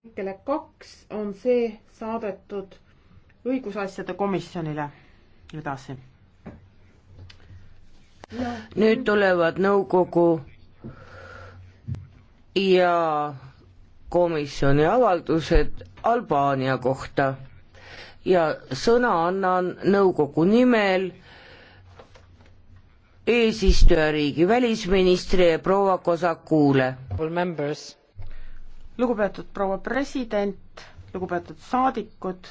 artikkel kaks on see saadetud õigusasjade komisjonile edasi. nüüd tulevad nõukogu ja komisjoni avaldused Albaania kohta ja sõna annan nõukogu nimel eesistujariigi välisministrile proua Kosakule. Members lugupeetud proua president, lugupeetud saadikud,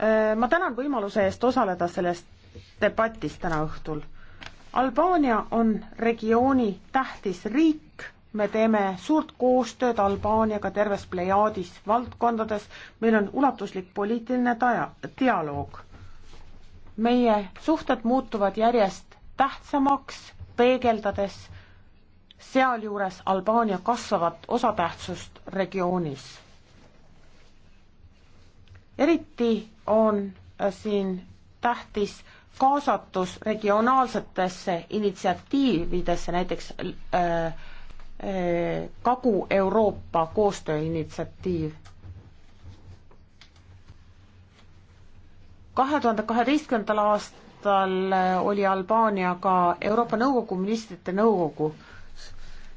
äh, ma tänan võimaluse eest osaleda selles debatis täna õhtul. Albaania on regiooni tähtis riik, me teeme suurt koostööd Albaaniaga terves plejaadis valdkondades, meil on ulatuslik poliitiline taja, dialoog. meie suhted muutuvad järjest tähtsamaks, peegeldades sealjuures Albaania kasvavat osatähtsust regioonis. eriti on äh, siin tähtis kaasatus regionaalsetesse initsiatiividesse, näiteks äh, äh, Kagu-Euroopa koostööinitsiatiiv. kahe tuhande kaheteistkümnendal aastal äh, oli Albaania ka Euroopa Nõukogu ministrite nõukogu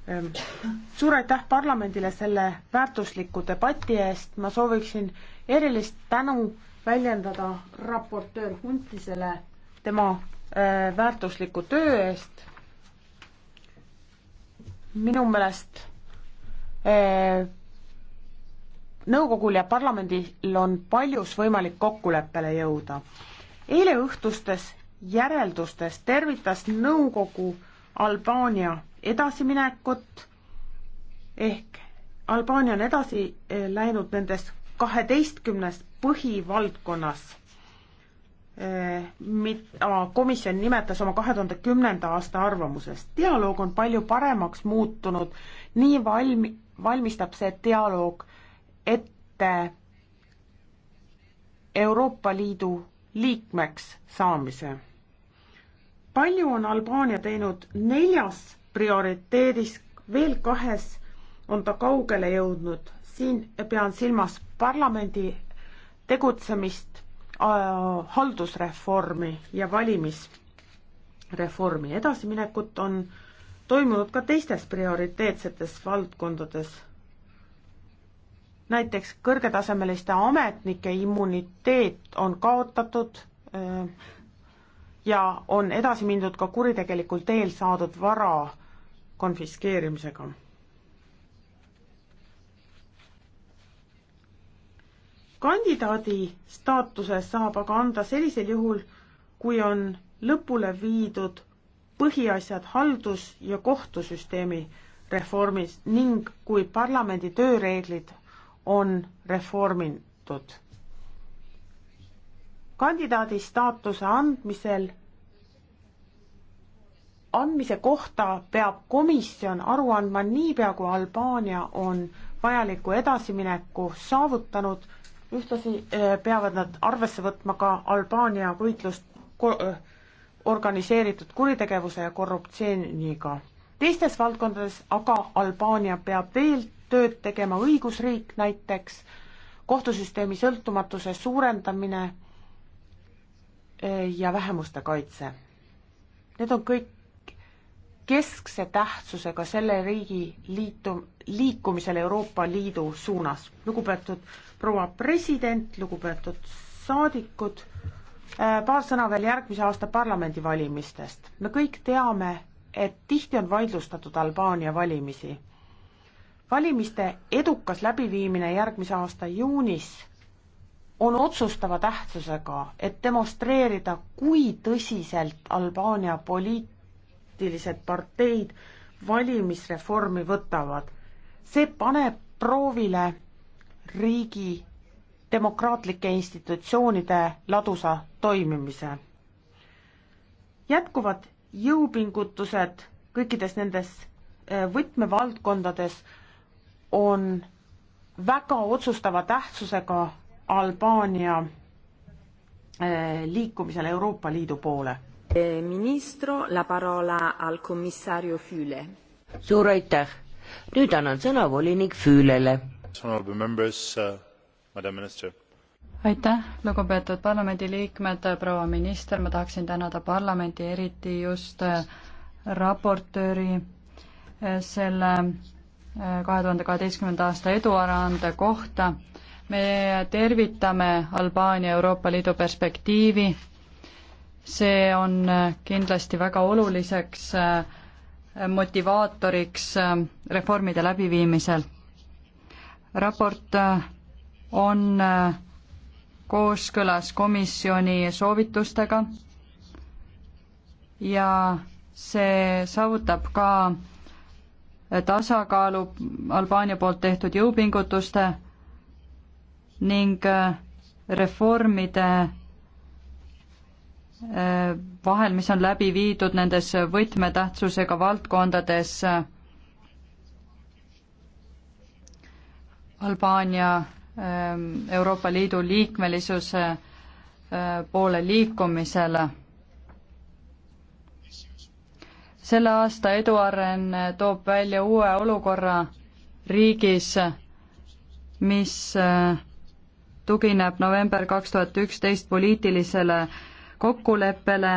Ehm, suur aitäh parlamendile selle väärtusliku debati eest, ma sooviksin erilist tänu väljendada raportöör Huntisele tema äh, väärtusliku töö eest. minu meelest äh, nõukogul ja parlamendil on paljus võimalik kokkuleppele jõuda. eile õhtustes järeldustes tervitas nõukogu Albaania edasiminekut ehk Albaania on edasi eh, läinud nendes kaheteistkümnes põhivaldkonnas, eh, mida komisjon nimetas oma kahe tuhande kümnenda aasta arvamuses. dialoog on palju paremaks muutunud, nii valmi-, valmistab see dialoog ette Euroopa Liidu liikmeks saamise palju on Albaania teinud neljas prioriteedis, veel kahes on ta kaugele jõudnud. siin pean silmas parlamendi tegutsemist äh,, haldusreformi ja valimisreformi. edasiminekut on toimunud ka teistes prioriteetsetes valdkondades. näiteks kõrgetasemeliste ametnike immuniteet on kaotatud äh,, ja on edasi mindud ka kuritegelikul teel saadud vara konfiskeerimisega. kandidaadi staatuse saab aga anda sellisel juhul, kui on lõpule viidud põhiasjad haldus- ja kohtusüsteemi reformis ning kui parlamendi tööreeglid on reformitud kandidaadi staatuse andmisel, andmise kohta peab komisjon aru andma niipea, kui Albaania on vajaliku edasimineku saavutanud, ühtlasi äh, peavad nad arvesse võtma ka Albaania võitlust äh, organiseeritud kuritegevuse ja korruptsiooniga. teistes valdkondades aga Albaania peab veel tööd tegema, õigusriik näiteks, kohtusüsteemi sõltumatuse suurendamine ja vähemuste kaitse. Need on kõik keskse tähtsusega selle riigi liitu, liikumisel Euroopa Liidu suunas. lugupeetud proua president, lugupeetud saadikud, äh, paar sõna veel järgmise aasta parlamendivalimistest. me kõik teame, et tihti on vaidlustatud Albaania valimisi. valimiste edukas läbiviimine järgmise aasta juunis on otsustava tähtsusega, et demonstreerida, kui tõsiselt Albaania poliitilised parteid valimisreformi võtavad. see paneb proovile riigi demokraatlike institutsioonide ladusa toimimise. jätkuvad jõupingutused kõikides nendes eh, võtmevaldkondades on väga otsustava tähtsusega Albaania eh, liikumisele Euroopa Liidu poole. Eh, ministro, la parola al commissario Füüle. suur aitäh, nüüd annan sõna volinik Füülele. Uh, aitäh, lugupeetud parlamendiliikmed, proua minister, ma tahaksin tänada parlamendi, eriti just eh, raportööri selle kahe tuhande kaheteistkümnenda aasta eduaruande kohta me tervitame Albaania Euroopa Liidu perspektiivi. see on kindlasti väga oluliseks äh, motivaatoriks äh, reformide läbiviimisel. raport äh, on kooskõlas komisjoni soovitustega ja see saavutab ka tasakaalu Albaania poolt tehtud jõupingutuste ning äh, reformide äh, vahel, mis on läbi viidud nendes võtmetähtsusega valdkondades äh, Albaania Euroopa Liidu liikmelisuse poole liikumisele. selle aasta eduarene toob välja uue olukorra riigis, mis äh, tugineb november kaks tuhat üksteist poliitilisele kokkuleppele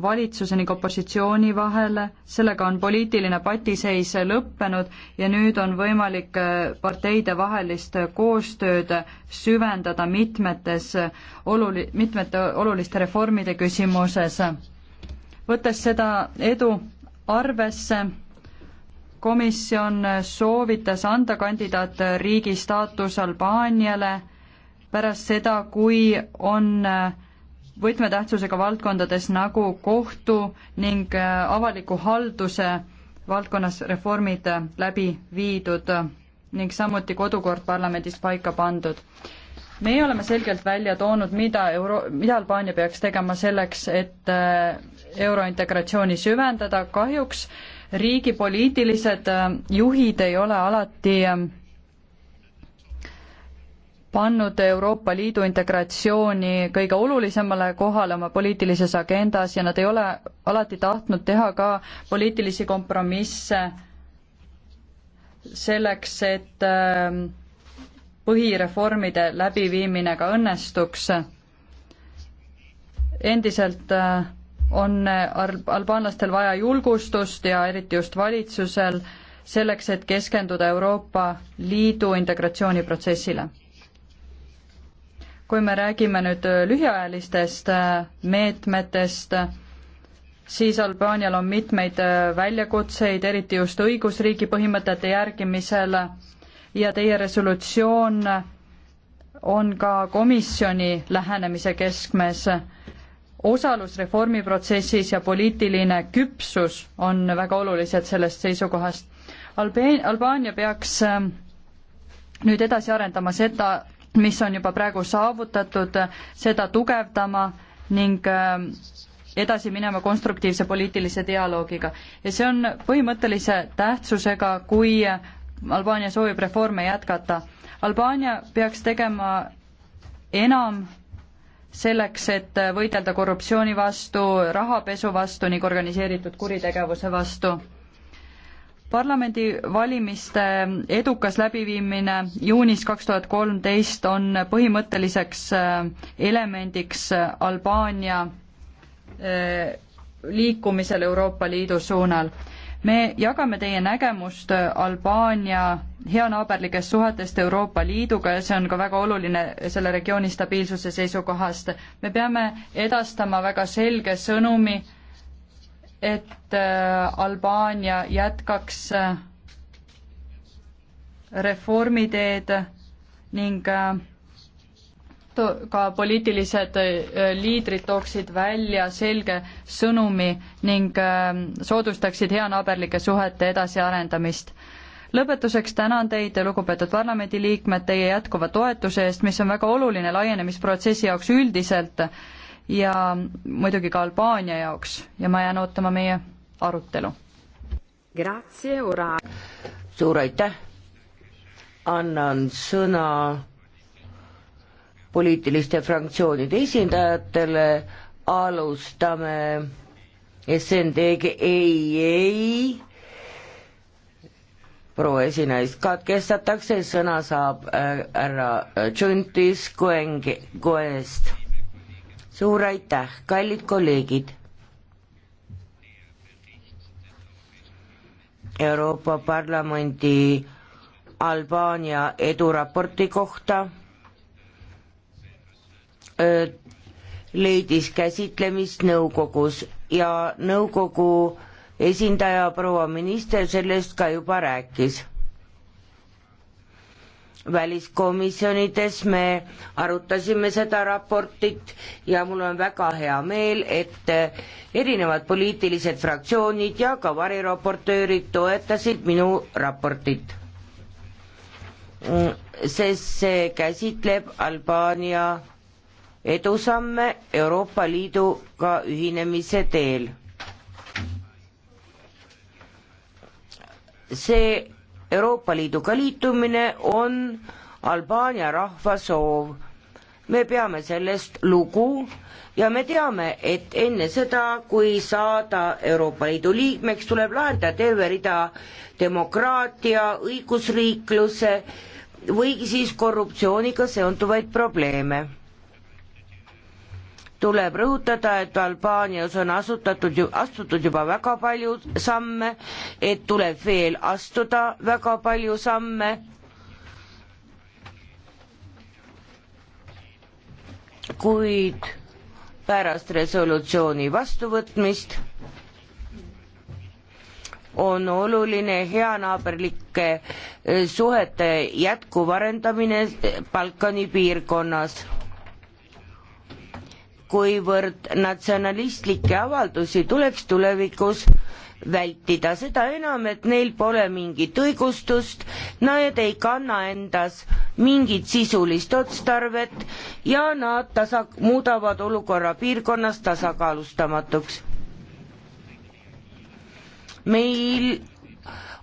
valitsuse ning opositsiooni vahele, sellega on poliitiline patiseis lõppenud ja nüüd on võimalik äh, parteidevahelist koostööd süvendada mitmetes oluli-, mitmete oluliste reformide küsimuses. võttes seda edu arvesse, komisjon soovitas anda kandidaatriigi staatus Albaaniale pärast seda, kui on võtmetähtsusega valdkondades nagu kohtu ning avaliku halduse valdkonnas reformid läbi viidud ning samuti kodukord parlamendis paika pandud. meie oleme selgelt välja toonud, mida euro, mida Albaania peaks tegema selleks, et äh, eurointegratsiooni süvendada, kahjuks äh, riigi poliitilised äh, juhid ei ole alati äh, pannud Euroopa Liidu integratsiooni kõige olulisemale kohale oma poliitilises agendas ja nad ei ole alati tahtnud teha ka poliitilisi kompromisse selleks, et äh, põhireformide läbiviimine ka õnnestuks. endiselt äh, on albaanlastel vaja julgustust ja eriti just valitsusel selleks, et keskenduda Euroopa Liidu integratsiooniprotsessile. kui me räägime nüüd lühiajalistest äh, meetmetest, siis Albaanial on mitmeid äh, väljakutseid, eriti just õigusriigi põhimõtete järgimisel ja teie resolutsioon on ka komisjoni lähenemise keskmes osalus reformiprotsessis ja poliitiline küpsus on väga olulised sellest seisukohast. Albeen-, Albaania peaks ähm, nüüd edasi arendama seda, mis on juba praegu saavutatud, seda tugevdama ning ähm, edasi minema konstruktiivse poliitilise dialoogiga. ja see on põhimõttelise tähtsusega, kui Albaania soovib reforme jätkata. Albaania peaks tegema enam selleks, et võidelda korruptsiooni vastu, rahapesu vastu ning organiseeritud kuritegevuse vastu. parlamendivalimiste edukas läbiviimine juunis kaks tuhat kolmteist on põhimõtteliseks äh, elemendiks äh, Albaania äh, liikumisel Euroopa Liidu suunal. me jagame teie nägemust Albaania heanaaberlikest suhetest Euroopa Liiduga ja see on ka väga oluline selle regiooni stabiilsuse seisukohast. me peame edastama väga selge sõnumi, et äh, Albaania jätkaks äh, reformiteed ning äh, ka poliitilised liidrid tooksid välja selge sõnumi ning soodustaksid heanaaberlike suhete edasiarendamist lõpetuseks tänan teid, lugupeetud parlamendiliikmed, teie jätkuva toetuse eest, mis on väga oluline laienemisprotsessi jaoks üldiselt ja muidugi ka Albaania jaoks ja ma jään ootama meie arutelu. suur aitäh, annan sõna poliitiliste fraktsioonide esindajatele, alustame SND-ga ei, ei proua esinaist katkestatakse, sõna saab äh, härra Tšuntis Koengi, Koest. suur aitäh, kallid kolleegid. Euroopa Parlamendi Albaania eduraporti kohta öö, äh, leidis käsitlemist nõukogus ja nõukogu esindaja, proua minister sellest ka juba rääkis. väliskomisjonides me arutasime seda raportit ja mul on väga hea meel, et erinevad poliitilised fraktsioonid ja ka variraportöörid toetasid minu raportit sest see käsitleb Albaania edusamme Euroopa Liiduga ühinemise teel. see Euroopa Liiduga liitumine on Albaania rahva soov. me peame sellest lugu ja me teame, et enne seda, kui saada Euroopa Liidu liikmeks, tuleb lahendada terve rida demokraatia, õigusriikluse või siis korruptsiooniga seonduvaid probleeme tuleb rõhutada, et Albaanias on asutatud, astutud juba väga palju samme, et tuleb veel astuda väga palju samme. kuid pärast resolutsiooni vastuvõtmist on oluline heanaaberlike eh, suhete jätkuv arendamine Balkani piirkonnas kuivõrd natsionalistlikke avaldusi tuleks tulevikus vältida, seda enam, et neil pole mingit õigustust, nad ei kanna endas mingit sisulist otstarvet ja nad tasa-, muudavad olukorra piirkonnas tasakaalustamatuks. meil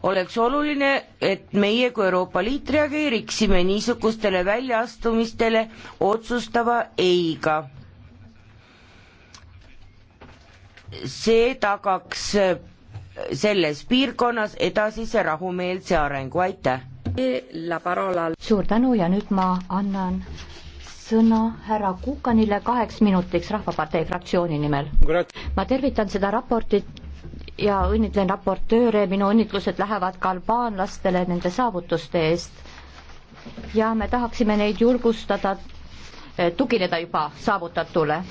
oleks oluline, et meie kui Euroopa Liit reageeriksime niisugustele väljaastumistele otsustava ei-ga see tagaks selles piirkonnas edasise rahumeelse arengu, aitäh! suur tänu ja nüüd ma annan sõna härra Kukanile kaheks minutiks Rahvapartei fraktsiooni nimel. ma tervitan seda raportit ja õnnitlen raportööre, minu õnnitlused lähevad ka albaanlastele nende saavutuste eest. ja me tahaksime neid julgustada, eh, tugineda juba saavutatule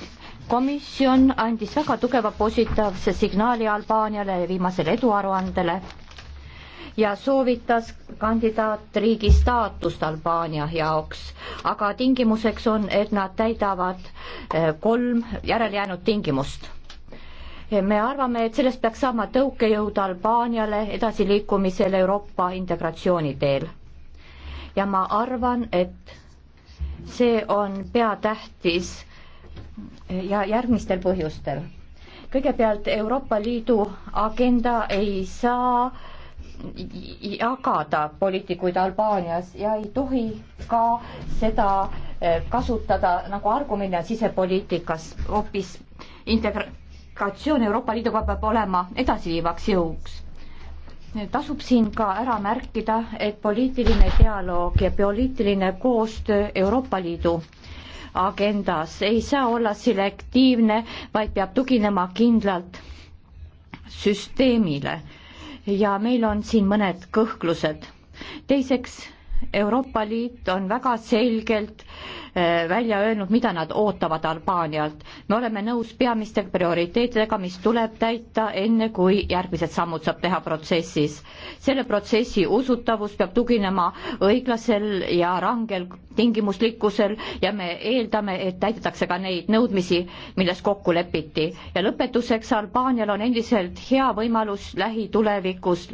komisjon andis väga tugeva positiivse signaali Albaaniale ja viimasele eduaruandele ja soovitas kandidaatriigi staatust Albaania jaoks, aga tingimuseks on, et nad täidavad eh, kolm järelejäänud tingimust. me arvame, et sellest peaks saama tõukejõud Albaaniale edasiliikumisel Euroopa integratsiooni teel. ja ma arvan, et see on peatähtis ja järgmistel põhjustel. kõigepealt Euroopa Liidu agenda ei saa jagada poliitikuid Albaanias ja ei tohi ka seda eh, kasutada nagu argumendina sisepoliitikas hoopis integratsioon Euroopa Liiduga peab olema edasiviivaks jõuks tasub siin ka ära märkida, et poliitiline dialoog ja poliitiline koostöö Euroopa Liidu agendas, ei saa olla selektiivne, vaid peab tuginema kindlalt süsteemile. ja meil on siin mõned kõhklused. teiseks, Euroopa Liit on väga selgelt Eh, välja öelnud, mida nad ootavad Albaanialt. me oleme nõus peamiste prioriteetidega, mis tuleb täita, enne kui järgmised sammud saab teha protsessis. selle protsessi usutavus peab tuginema õiglasel ja rangel tingimuslikkusel ja me eeldame, et täidetakse ka neid nõudmisi, milles kokku lepiti. ja lõpetuseks, Albaanial on endiselt hea võimalus lähitulevikus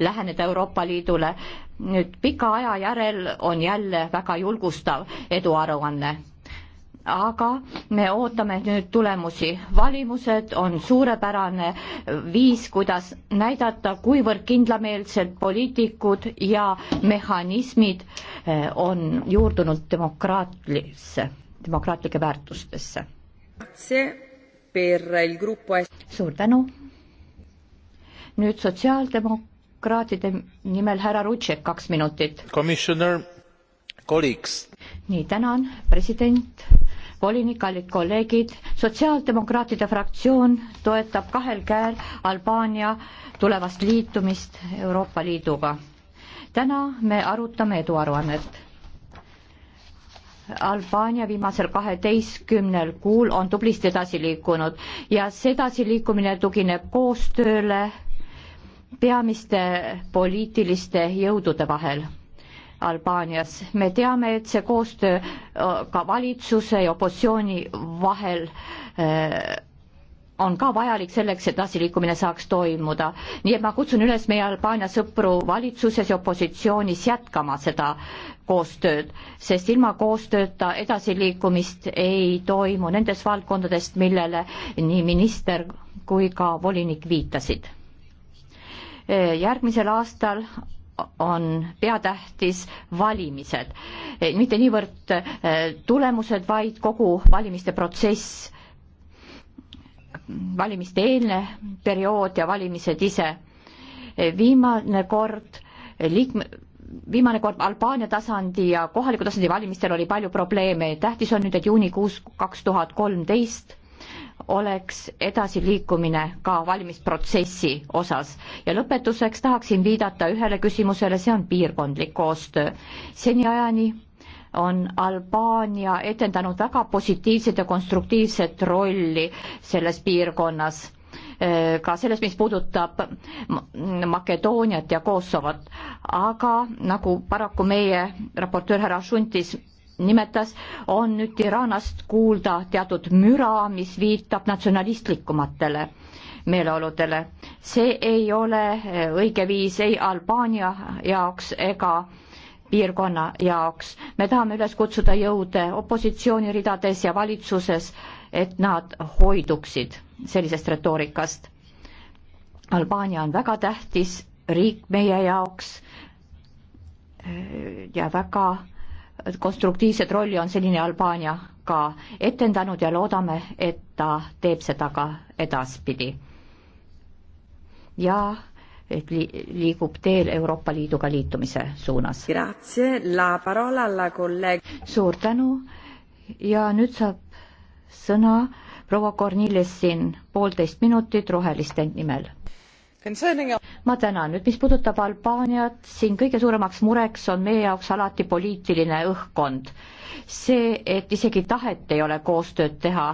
läheneda Euroopa Liidule. nüüd pika aja järel on jälle väga julgustav, et eduaruanne. aga me ootame nüüd tulemusi, valimused on suurepärane viis, kuidas näidata, kuivõrd kindlameelsed poliitikud ja mehhanismid eh, on juurdunud demokraatlisse, demokraatlike väärtustesse. see per il gruppo suur tänu. nüüd sotsiaaldemokraatide nimel härra Rutšek, kaks minutit. Commissioner nii, tänan, president, volinik, kallid kolleegid, sotsiaaldemokraatide fraktsioon toetab kahel käel Albaania tulevast liitumist Euroopa Liiduga. täna me arutame eduaruannet Albaania viimasel kaheteistkümnel kuul on tublisti edasi liikunud ja see edasiliikumine tugineb koostööle peamiste poliitiliste jõudude vahel Albaanias. me teame, et see koostöö äh, ka valitsuse ja opositsiooni vahel äh, on ka vajalik selleks, et edasiliikumine saaks toimuda. nii et ma kutsun üles meie Albaania sõpru valitsuses ja opositsioonis jätkama seda koostööd, sest ilma koostööta edasiliikumist ei toimu nendes valdkondadest, millele nii minister kui ka volinik viitasid. Äh, järgmisel aastal on peatähtis valimised, eh, mitte niivõrd eh, tulemused, vaid kogu valimiste protsess, valimiste eelne periood ja valimised ise. Eh, viimane kord liikme, viimane kord Albaania tasandi ja kohaliku tasandi valimistel oli palju probleeme, tähtis on nüüd, et juunikuus kaks tuhat kolmteist oleks edasiliikumine ka valimisprotsessi osas. ja lõpetuseks tahaksin viidata ühele küsimusele, see on piirkondlik koostöö. seniajani on Albaania etendanud väga positiivset ja konstruktiivset rolli selles piirkonnas, e, ka selles, mis puudutab Makedooniat ja Kosovot, aga nagu paraku meie raportöör härra Šuntis nimetas, on nüüd Tiranast kuulda teatud müra, mis viitab natsionalistlikumatele meeleoludele. see ei ole õige viis ei Albaania jaoks ega piirkonna jaoks. me tahame üles kutsuda jõude opositsiooni ridades ja valitsuses, et nad hoiduksid sellisest retoorikast. Albaania on väga tähtis riik meie jaoks ja väga konstruktiivset rolli on senini Albaania ka etendanud ja loodame, et ta teeb seda ka edaspidi. ja et li liigub teel Euroopa Liiduga liitumise suunas. suur tänu ja nüüd saab sõna proua Kornilissin poolteist minutit roheliste nimel ma tänan, nüüd mis puudutab Albaaniat, siin kõige suuremaks mureks on meie jaoks alati poliitiline õhkkond. see, et isegi tahet ei ole koostööd teha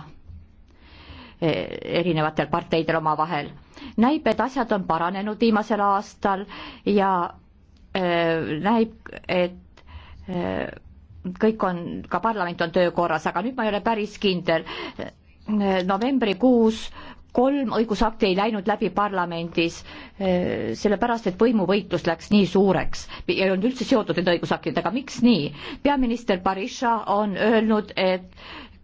eh, erinevatel parteidel omavahel. näib, et asjad on paranenud viimasel aastal ja äh, näib, et äh, kõik on, ka parlament on töökorras, aga nüüd ma ei ole päris kindel. novembrikuus kolm õigusakti ei läinud läbi parlamendis, eh, sellepärast et võimuvõitlus läks nii suureks ja ei olnud üldse seotud nende õigusaktidega, miks nii? peaminister Barisha on öelnud, et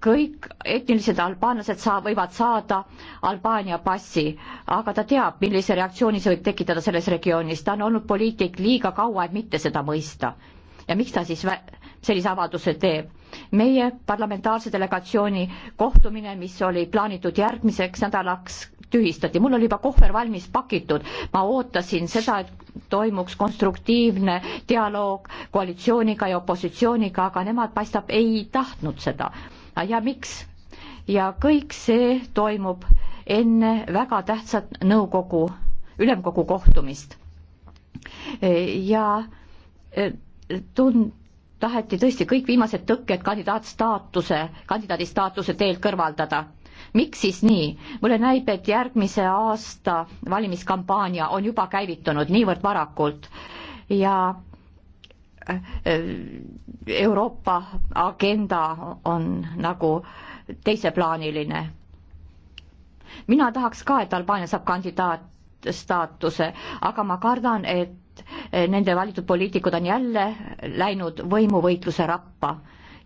kõik etnilised albaanlased saa-, võivad saada Albaania passi, aga ta teab, millise reaktsiooni see võib tekitada selles regioonis, ta on olnud poliitik liiga kaua, et mitte seda mõista. ja miks ta siis vä-, sellise avalduse teeb. meie parlamentaarse delegatsiooni kohtumine, mis oli plaanitud järgmiseks nädalaks, tühistati, mul oli juba kohver valmis pakitud, ma ootasin seda, et toimuks konstruktiivne dialoog koalitsiooniga ja opositsiooniga, aga nemad paistab ei tahtnud seda. ja miks? ja kõik see toimub enne väga tähtsat nõukogu, ülemkogu kohtumist. ja eh, tund-, taheti tõesti kõik viimased tõkked kandidaatstaatuse, kandidaadi staatuse teelt kõrvaldada. miks siis nii? mulle näib, et järgmise aasta valimiskampaania on juba käivitunud niivõrd varakult ja äh, Euroopa agenda on nagu teiseplaaniline. mina tahaks ka, et Albaania saab kandidaat staatuse, aga ma kardan, et et eh, nende valitud poliitikud on jälle läinud võimuvõitluse rappa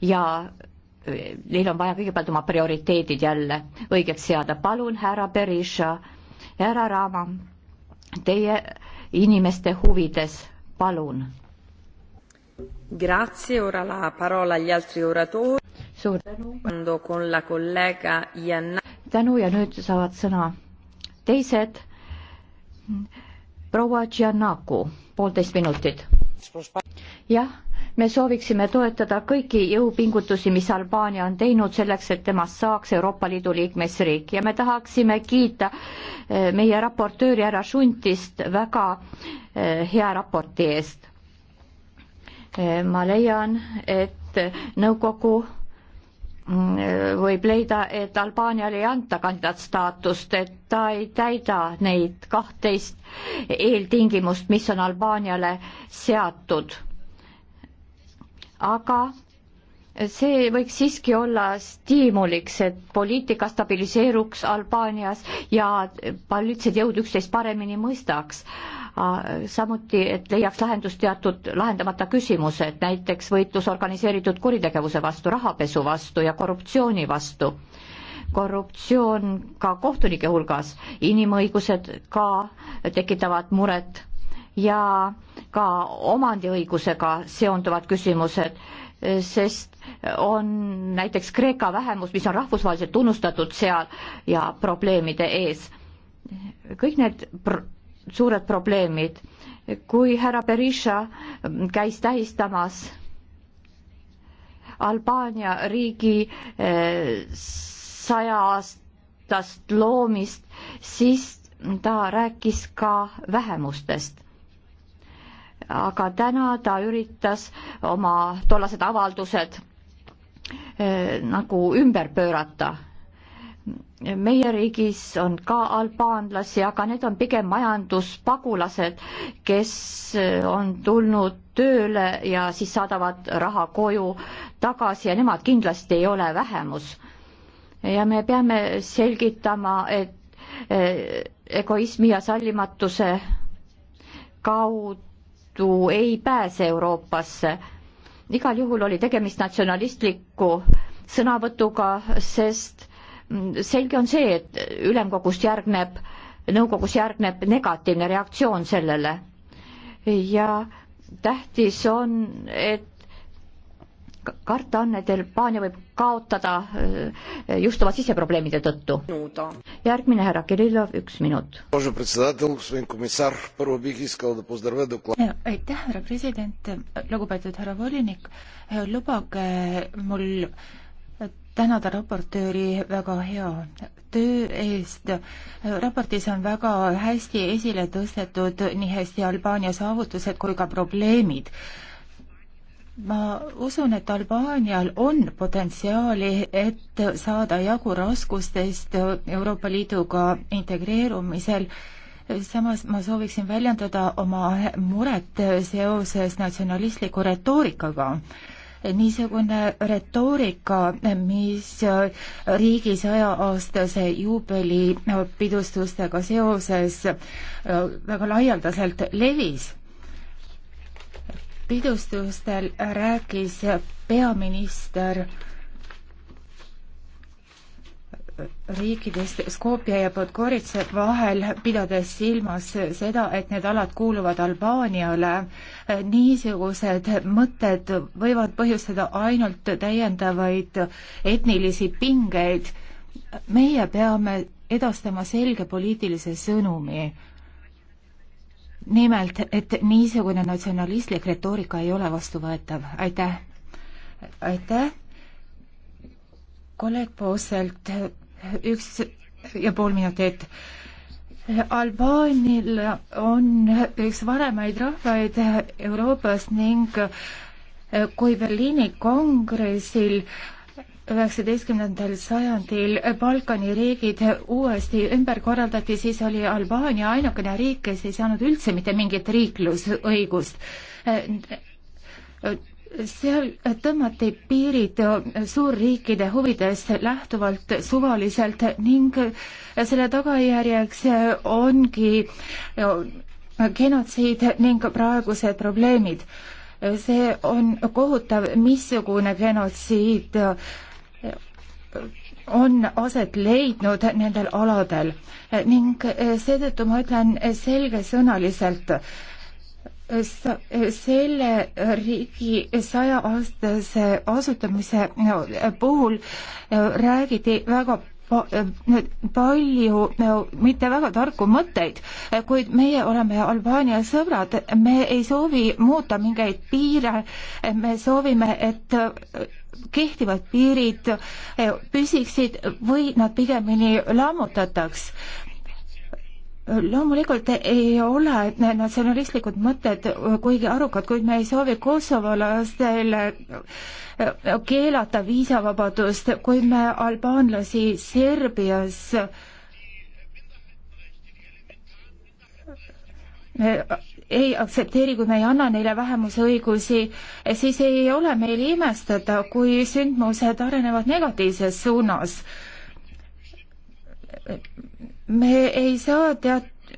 ja eh, neil on vaja kõigepealt oma prioriteedid jälle õigeks seada. palun, härra Berisha, härra Raama, teie inimeste huvides, palun. Grazie, ora la parola agli altri oratori. suur tänu. Con la collega Janna. tänu ja nüüd saavad sõna teised proua Giannaku, poolteist minutit. jah, me sooviksime toetada kõiki jõupingutusi, mis Albaania on teinud selleks, et temast saaks Euroopa Liidu liikmesriik ja me tahaksime kiita eh, meie raportööri härra Šuntist väga eh, hea raporti eest. Eh, ma leian, et nõukogu Mm, võib leida, et Albaaniale ei anta kandidaatstaatust, et ta ei täida neid kahtteist eeltingimust, mis on Albaaniale seatud. aga see võiks siiski olla stiimuliks, et poliitika stabiliseeruks Albaanias ja paljud jõud üksteist paremini mõistaks samuti, et leiaks lahendust teatud lahendamata küsimused, näiteks võitlus organiseeritud kuritegevuse vastu, rahapesu vastu ja korruptsiooni vastu. korruptsioon ka kohtunike hulgas, inimõigused ka tekitavad muret ja ka omandiõigusega seonduvad küsimused, sest on näiteks Kreeka vähemus, mis on rahvusvaheliselt tunnustatud seal ja probleemide ees kõik need pr suured probleemid. kui härra Berisha käis tähistamas Albaania riigi eh, saja aastast loomist, siis ta rääkis ka vähemustest. aga täna ta üritas oma tollased avaldused eh, nagu ümber pöörata meie riigis on ka albaanlasi, aga need on pigem majanduspagulased, kes on tulnud tööle ja siis saadavad raha koju tagasi ja nemad kindlasti ei ole vähemus. ja me peame selgitama, et eh, egoismi ja sallimatuse kaudu ei pääse Euroopasse. igal juhul oli tegemist natsionalistliku sõnavõtuga, sest selge on see, et ülemkogust järgneb, nõukogus järgneb negatiivne reaktsioon sellele ja tähtis on, et karta on, et Albaania võib kaotada äh, just oma siseprobleemide tõttu. järgmine härra Kirillov, üks minut. Э, aitäh, härra president, lugupeetud härra volinik, э, lubage mul tänada raportööri väga hea töö eest. raportis on väga hästi esile tõstetud nii hästi Albaania saavutused kui ka probleemid. ma usun, et Albaanial on potentsiaali, et saada jagu raskustest Euroopa Liiduga integreerumisel samas ma sooviksin väljendada oma muret seoses natsionalistliku retoorikaga niisugune retoorika, mis riigi sajaaastase juubeli pidustustega seoses väga laialdaselt levis. pidustustel rääkis peaminister riikidest Skopje ja Podgorice vahel, pidades silmas seda, et need alad kuuluvad Albaaniale. niisugused mõtted võivad põhjustada ainult täiendavaid etnilisi pingeid. meie peame edastama selge poliitilise sõnumi. nimelt, et niisugune natsionalistlik retoorika ei ole vastuvõetav. aitäh! aitäh! kolleeg Pooselt üks ja pool minutit. Albaanil on üks vanemaid rahvaid Euroopas ning kui Berliini kongressil üheksateistkümnendal sajandil Balkani riigid uuesti ümber korraldati, siis oli Albaania ainukene riik, kes ei saanud üldse mitte mingit riiklusõigust seal tõmmati piirid suurriikide huvidest lähtuvalt suvaliselt ning selle tagajärjeks ongi genotsiid ning praegused probleemid. see on kohutav, missugune genotsiid on aset leidnud nendel aladel ning seetõttu ma ütlen selgesõnaliselt, selle riigi sajaaastase asutamise puhul räägiti väga palju, mitte väga tarku mõtteid, kuid meie oleme Albaania sõbrad, me ei soovi muuta mingeid piire, me soovime, et kehtivad piirid eh, püsiksid või nad pigemini lammutataks loomulikult ei ole need natsionalistlikud mõtted kuigi arukad, kuid me ei soovi kosovolastele keelata viisavabadust, kui me albaanlasi Serbias me eh, ei aktsepteeri, kui me ei anna neile vähemusõigusi, eh, siis ei ole meil imestada, kui sündmused arenevad negatiivses suunas me ei saa tead-,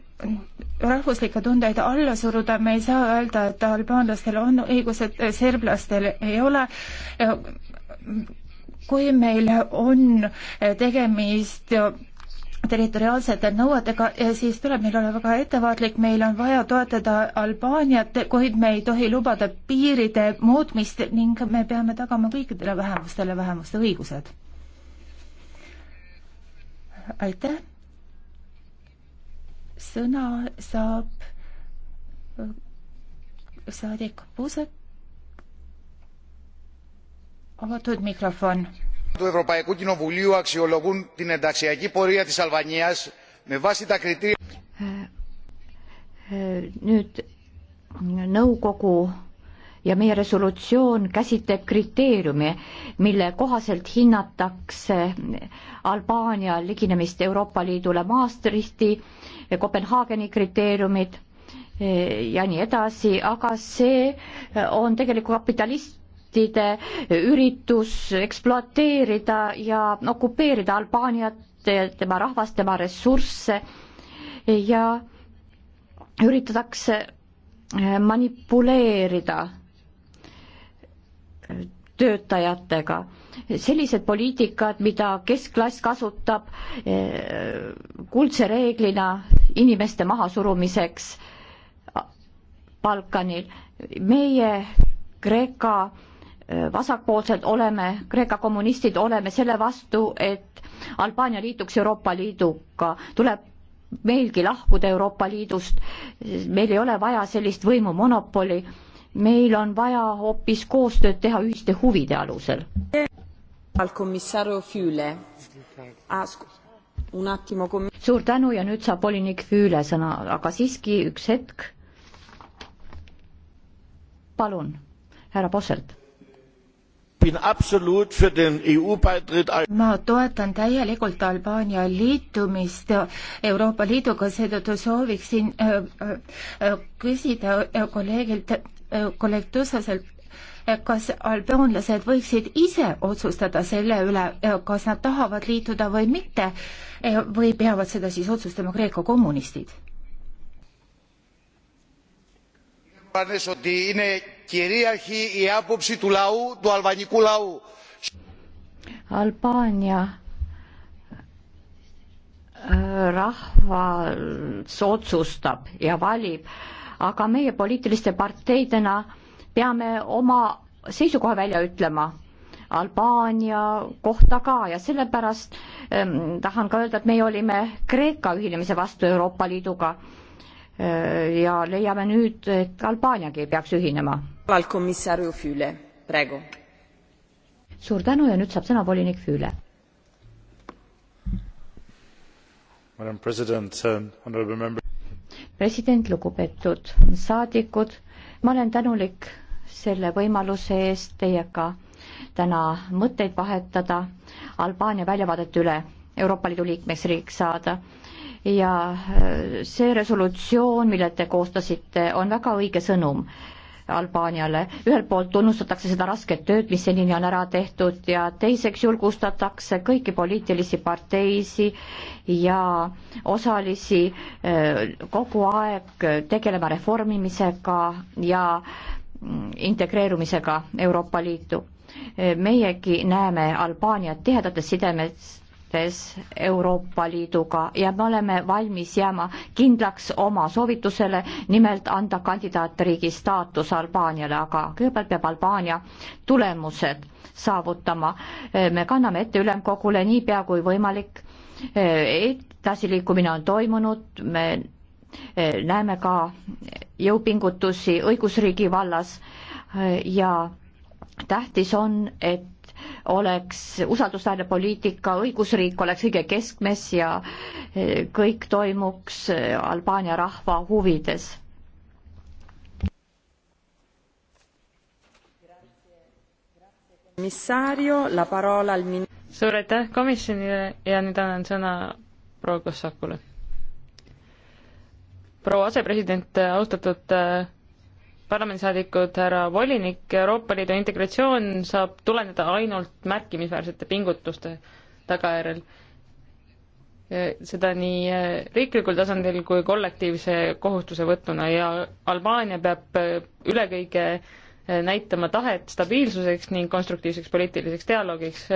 rahvuslikke tundeid alla suruda, me ei saa öelda, et albaanlastel on õigused, serblastel ei ole. kui meil on tegemist territoriaalsete nõuetega, siis tuleb meil olla väga ettevaatlik, meil on vaja toetada Albaaniat, kuid me ei tohi lubada piiride muutmist ning me peame tagama kõikidele vähemustele vähemuste õigused. aitäh sõna saab saadik Puusek. avatud mikrofon. του Ευρωπαϊκού Κοινοβουλίου αξιολογούν την ενταξιακή πορεία της Αλβανίας με βάση τα κριτήρια. Nüüd nõukogu ja meie resolutsioon käsitleb kriteeriumi, mille kohaselt hinnatakse Albaania liginemist Euroopa Liidule Maastrichti, Kopenhaageni kriteeriumid eh, ja nii edasi, aga see on tegelikult kapitalist, üritus ekspluateerida ja okupeerida Albaaniat, tema rahvast, tema ressursse ja üritatakse eh, manipuleerida töötajatega. sellised poliitikad, mida keskklass kasutab eh, kuldse reeglina inimeste mahasurumiseks Balkanil. meie Kreeka eh, vasakpoolsed oleme, Kreeka kommunistid oleme selle vastu, et Albaania liituks Euroopa Liiduga, tuleb meilgi lahkuda Euroopa Liidust, meil ei ole vaja sellist võimumonopoli meil on vaja hoopis koostööd teha ühiste huvide alusel. suur tänu ja nüüd saab volinik Füüle sõna, aga siiski üks hetk. palun, härra Posselt E ma toetan täielikult Albaania liitumist Euroopa Liiduga, seetõttu sooviksin äh, äh, äh, küsida kolleegilt, kolleeg Tussaselt, kas albaanlased võiksid ise otsustada selle üle, kas nad tahavad liituda või mitte või peavad seda siis otsustama Kreeka kommunistid? φανέ ότι είναι κυρίαρχη η άποψη του λαού, του αλβανικού λαού. Αλβάνια rahvas otsustab ja valib, aga meie poliitiliste parteidena peame oma seisukoha välja ütlema Albaania kohta ka ja sellepärast ähm, tahan ka öelda, et meie olime Kreeka ühinemise vastu Euroopa Liiduga Äh, ja leiame nüüd, et Albaaniagi peaks ühinema. suur tänu ja nüüd saab sõna volinik Füüle. Uh, president, lugupeetud saadikud, ma olen tänulik selle võimaluse eest teiega täna mõtteid vahetada, Albaania väljavaadete üle Euroopa Liidu liikmesriik saada ja äh, see resolutsioon, mille te koostasite, on väga õige sõnum Albaaniale. ühelt poolt tunnustatakse seda rasket tööd, mis senini on ära tehtud ja teiseks julgustatakse kõiki poliitilisi parteisi ja osalisi äh, kogu aeg tegelema reformimisega ja mm, integreerumisega Euroopa Liitu äh, meiegi näeme Albaaniat tihedates sidemes suhetes Euroopa Liiduga ja me oleme valmis jääma kindlaks oma soovitusele, nimelt anda kandidaatriigi staatus Albaaniale, aga kõigepealt peab Albaania tulemused saavutama. me kanname ette ülemkogule niipea kui võimalik. edasiliikumine on toimunud, me eh, näeme ka jõupingutusi õigusriigi vallas ja tähtis on, et oleks usaldusväärne poliitika, õigusriik oleks kõige keskmes ja e, kõik toimuks e, Albaania rahva huvides suur aitäh komisjonile ja nüüd annan sõna proua Kossakule. proua asepresident, austatud e, parlamendisaadikud, härra volinik, Euroopa Liidu integratsioon saab tuleneda ainult märkimisväärsete pingutuste tagajärjel. seda nii eh, riiklikul tasandil kui kollektiivse kohustuse võtuna ja Albaania peab eh, üle kõige eh, näitama tahet stabiilsuseks ning konstruktiivseks poliitiliseks dialoogiks.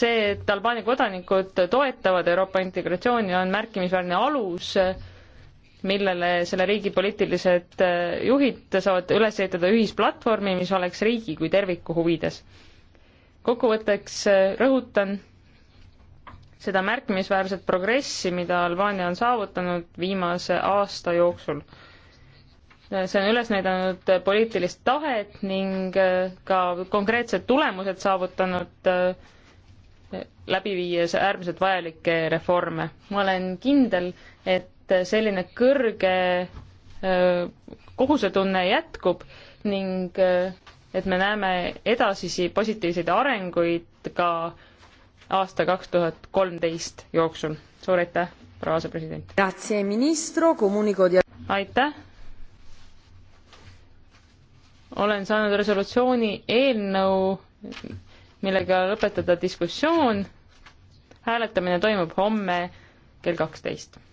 see, et Albaania kodanikud toetavad Euroopa integratsiooni, on märkimisväärne alus äh, millele selle riigi poliitilised äh, juhid saavad üles ehitada ühisplatvormi, mis oleks riigi kui terviku huvides. kokkuvõtteks äh, rõhutan seda märkimisväärset progressi, mida Albaania on saavutanud viimase aasta jooksul. Äh, see on üles näidanud poliitilist tahet ning ka konkreetsed tulemused saavutanud läbi viies äärmiselt vajalikke reforme. ma olen kindel, et et selline kõrge äh, kohusetunne jätkub ning äh, et me näeme edasisi positiivseid arenguid ka aasta kaks tuhat kolmteist jooksul. suur aitäh, proua asepresident! aitäh! olen saanud resolutsiooni eelnõu, millega lõpetada diskussioon. hääletamine toimub homme kell kaksteist